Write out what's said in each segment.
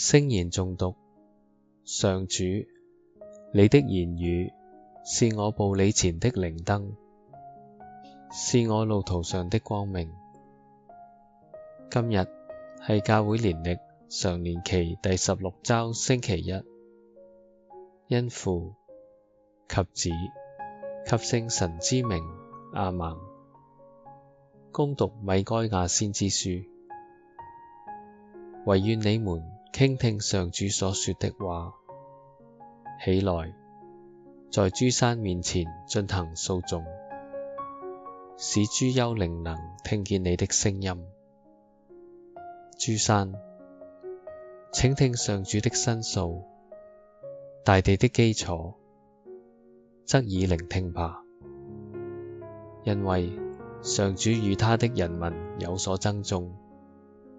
聖言誦讀，上主，你的言語是我步履前的靈燈，是我路途上的光明。今日係教會年曆常年期第十六周星期一，因父及子及聖神之名阿門。恭讀米該亞先知書，惟願你們。傾聽上主所說的話，起來，在諸山面前進行訴訟，使諸丘陵能聽見你的聲音。諸山，請聽上主的申訴，大地的基礎，側耳聆聽吧，因為上主與他的人民有所爭訟，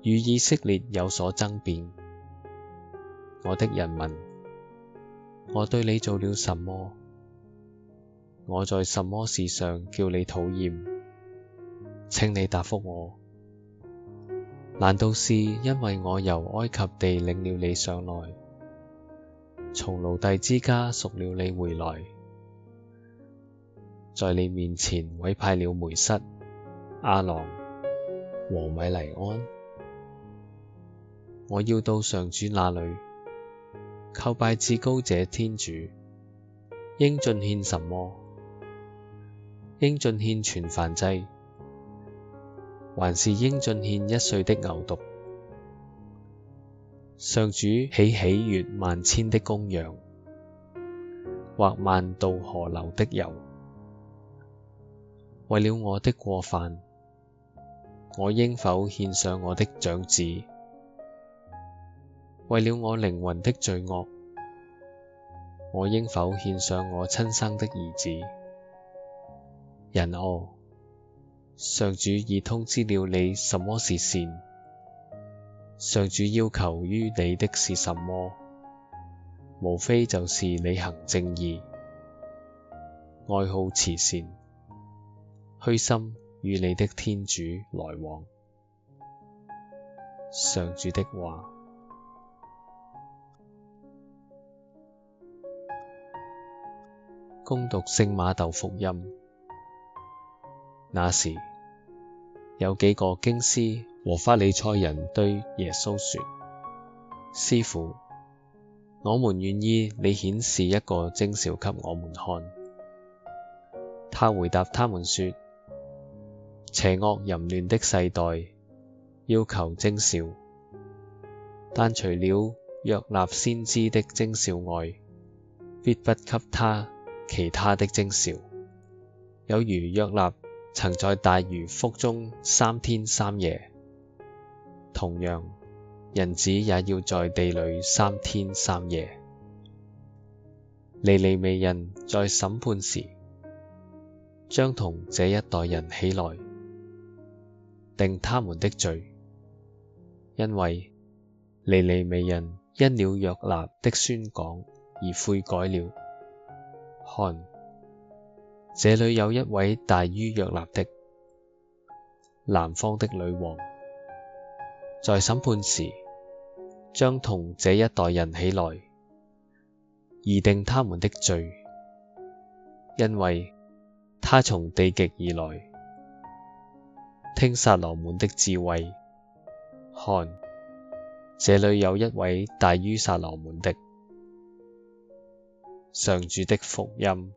與以色列有所爭辯。我的人民，我對你做了什麼？我在什麼事上叫你討厭？請你答覆我。難道是因為我由埃及地領了你上來，從奴隸之家贖了你回來，在你面前委派了梅瑟、亞郎和米黎盎？我要到上主那裏。叩拜至高者天主，應進獻什麼？應進獻全燔祭，還是應進獻一歲的牛犢？上主豈喜，喜悅萬千的公羊，或萬道河流的油。為了我的過犯，我應否獻上我的長子？為了我靈魂的罪惡？我應否獻上我親生的兒子？人啊，上主已通知了你什麼是善。上主要求於你的是什麼？無非就是履行正義，愛好慈善，虛心與你的天主來往。上主的話。恭讀聖馬竇福音。那時，有幾個經師和法利塞人對耶穌說：「師傅，我們願意你顯示一個徵兆給我們看。他回答他們說：「邪惡淫亂的世代要求徵兆，但除了約納先知的徵兆外，必不給他。其他的徵兆，有如約納曾在大魚腹中三天三夜，同樣人子也要在地裏三天三夜。尼尼微人在審判時，將同這一代人起來，定他們的罪，因為尼尼微人因了約納的宣講而悔改了。看，這裏有一位大於約納的！南方的女王，在審判時，將同這一代人起來，而定他們的罪，因為她從地極而來，聽撒羅滿的智慧。看，這裏有一位大於撒羅滿的！上主的福音。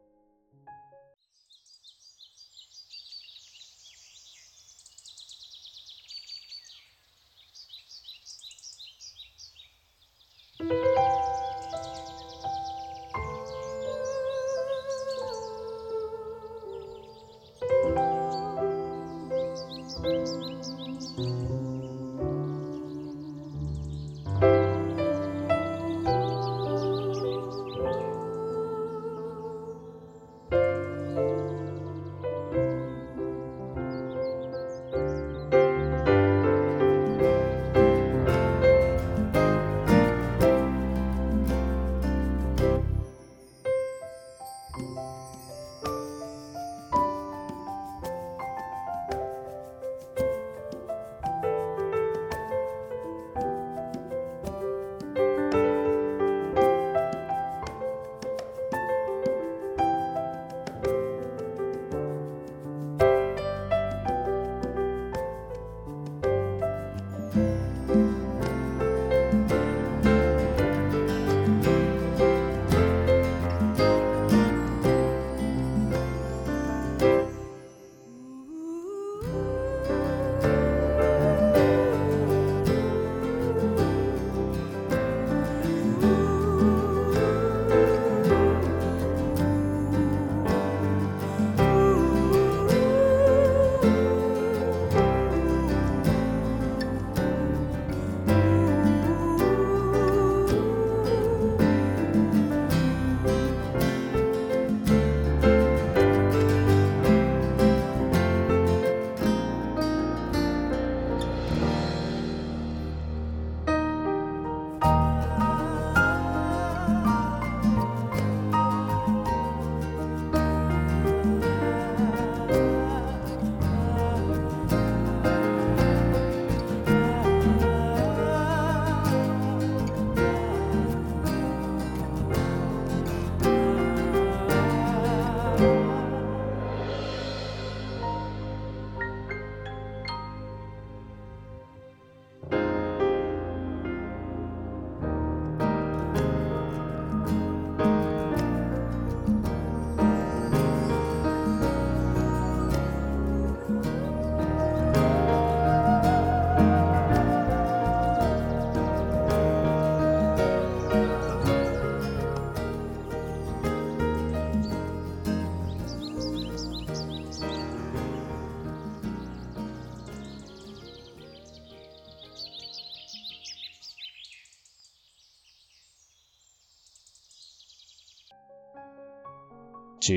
主，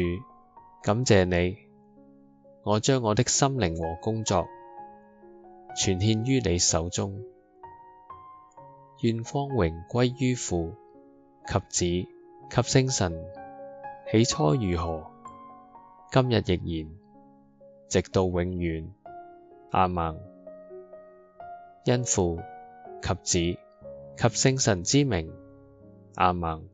感謝你，我將我的心靈和工作全獻於你手中，願光榮歸於父及子及聖神，起初如何，今日亦然，直到永遠，阿們。因父及子及聖神之名，阿們。